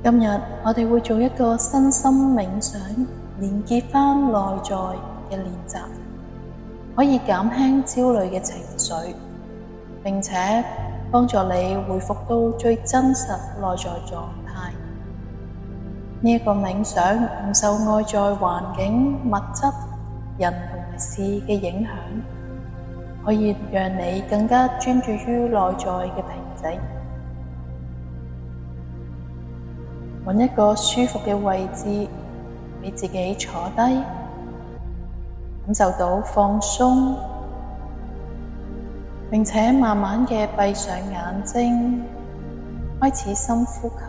今日我哋會做一個身心冥想，連結翻內在嘅練習，可以減輕焦慮嘅情緒，並且幫助你恢復到最真實內在狀態。呢一個冥想唔受外在環境、物質、人同埋事嘅影響，可以讓你更加專注於內在嘅平靜。搵一個舒服嘅位置，俾自己坐低，感受到放鬆，並且慢慢嘅閉上眼睛，開始深呼吸，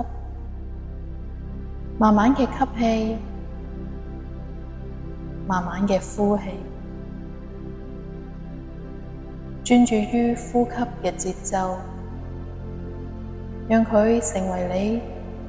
慢慢嘅吸氣，慢慢嘅呼氣，專注於呼吸嘅節奏，讓佢成為你。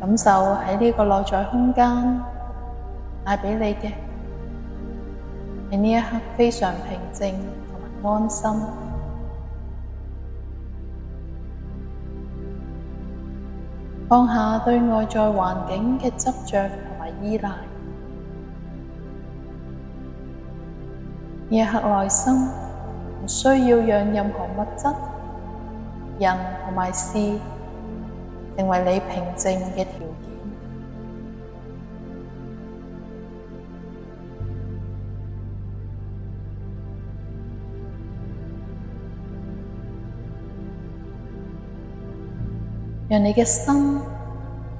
感受喺呢個內在空間帶俾你嘅，喺呢一刻非常平靜同埋安心，放下對外在環境嘅執着同埋依賴，呢一刻內心唔需要讓任何物質、人同埋事。成為你平靜嘅條件，讓你嘅心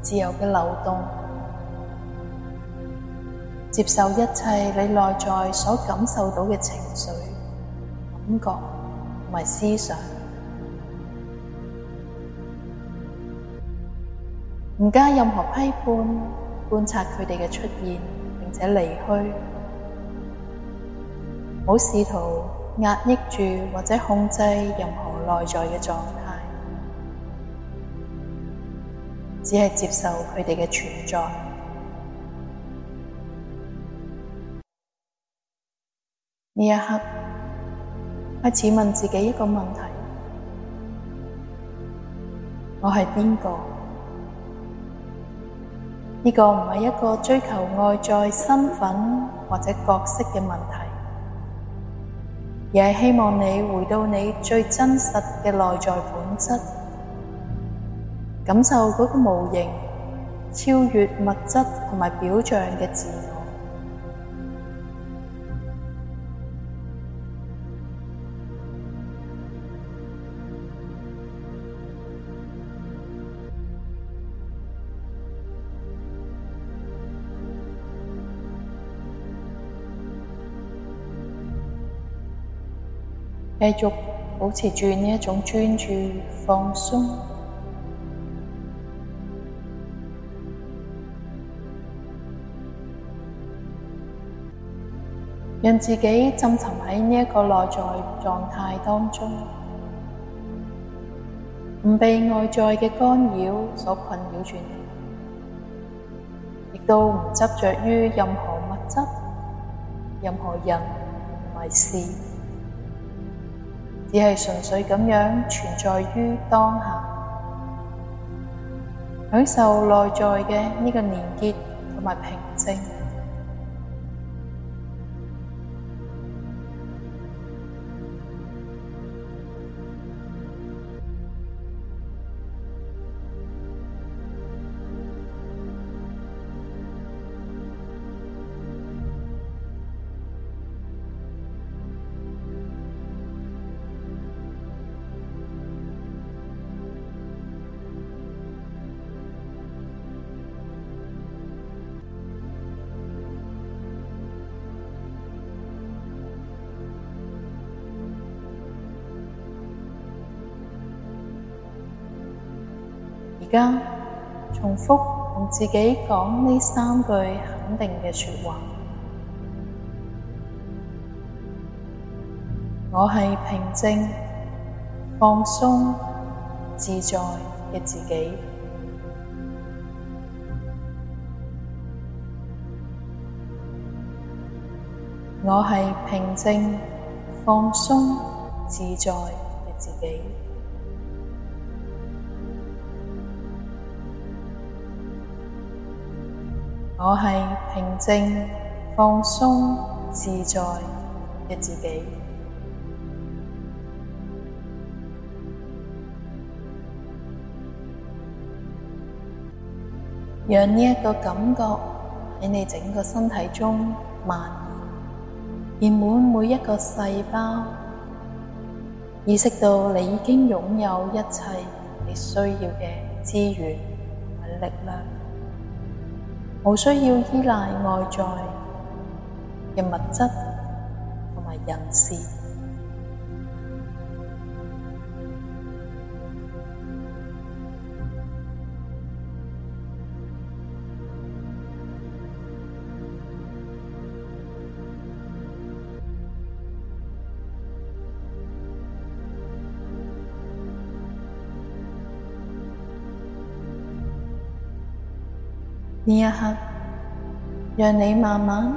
自由嘅流動，接受一切你內在所感受到嘅情緒、感覺同埋思想。唔加任何批判，觀察佢哋嘅出現並且離去，唔試圖壓抑住或者控制任何內在嘅狀態，只係接受佢哋嘅存在。呢一刻，開始問自己一個問題：我係邊個？呢、這個唔係一個追求外在身份或者角色嘅問題，而係希望你回到你最真實嘅內在本質，感受嗰個無形、超越物質同埋表象嘅自我。繼續保持住呢一種專注放鬆，讓自己浸沉喺呢個內在狀態當中，唔被外在嘅干擾所困擾住你，亦都唔執着於任何物質、任何人、或事。只係純粹咁樣存在於當下，享受內在嘅這個連結同埋平靜。而家重複同自己講呢三句肯定嘅說話：我係平靜、放鬆、自在嘅自己。我係平靜、放鬆、自在嘅自己。我係平靜、放鬆、自在嘅自己，讓呢一個感覺喺你整個身體中蔓延，填滿每一個細胞，意識到你已經擁有一切你需要嘅資源同力量。冇需要依賴外在嘅物質同埋人事。呢一刻，讓你慢慢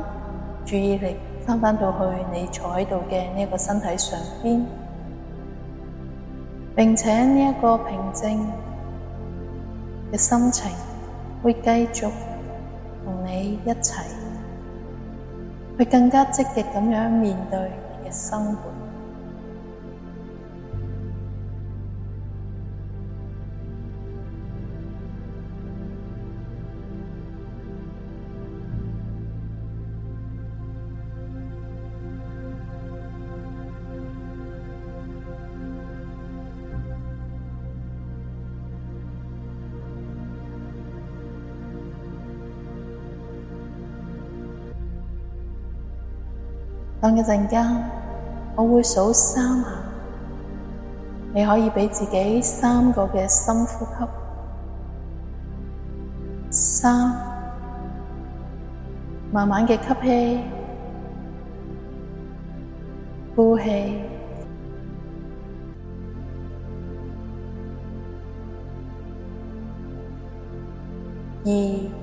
注意力返返到去你坐喺度嘅呢個身體上邊，並且呢一個平靜嘅心情會繼續同你一齊，會更加積極咁樣面對你嘅生活。等一陣間，我會數三下，你可以俾自己三個嘅深呼吸。三，慢慢嘅吸氣，呼氣，二。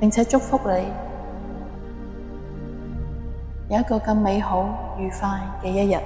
並且祝福你有一個更美好、愉快嘅一日。